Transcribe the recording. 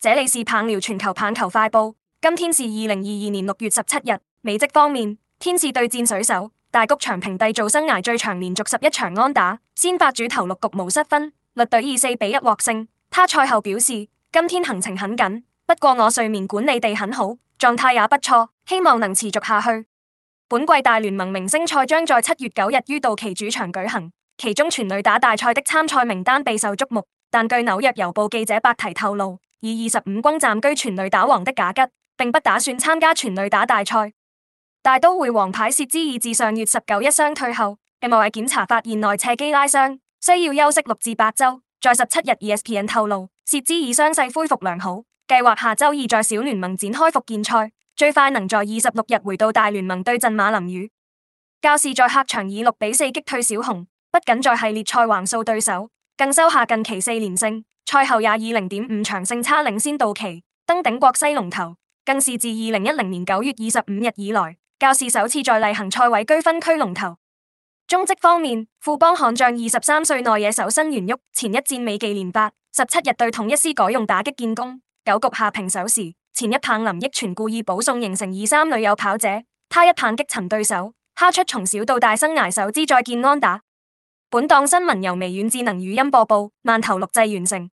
這裡是棒聊全球棒球快報，今天是二零二二年六月十七日。美職方面，天使對戰水手，大谷翔平締造生涯最長連續十一場安打，先發主投六局無失分，率隊二四比一獲勝。他賽後表示：今天行程很緊，不過我睡眠管理地很好，狀態也不錯，希望能持續下去。本季大聯盟明星賽將在七月九日於道奇主場舉行，其中全壘打大賽的參賽名單備受矚目，但據紐約郵報記者伯提透露。以二十五轟暫居全壘打王的賈吉，並不打算參加全壘打大賽。大都會王牌薛之毅自上月十九日傷退後，MRI 檢查發現內斜肌拉傷，需要休息六至八周。在十七日 ESPN 透露，薛之毅傷勢恢復良好，計劃下周二在小聯盟展開復健賽，最快能在二十六日回到大聯盟對陣馬林魚。教士在客場以六比四擊退小熊，不僅在系列賽橫掃對手，更收下近期四連勝。賽後也以零點五場勝差領先道奇登頂國西龍頭，更是自二零一零年九月二十五日以來教士首次在例行賽位居分區龍頭。中職方面，富邦悍將二十三歲內野手申元旭前一戰美技連發十七日對統一獅改用打擊建功，九局下平手時前一棒林益全故意保送形成二三壘有跑者，他一棒擊沉對手，他出從小到大生涯首支再見安打。本檔新聞由微軟智能語音播報，饅頭錄製完成。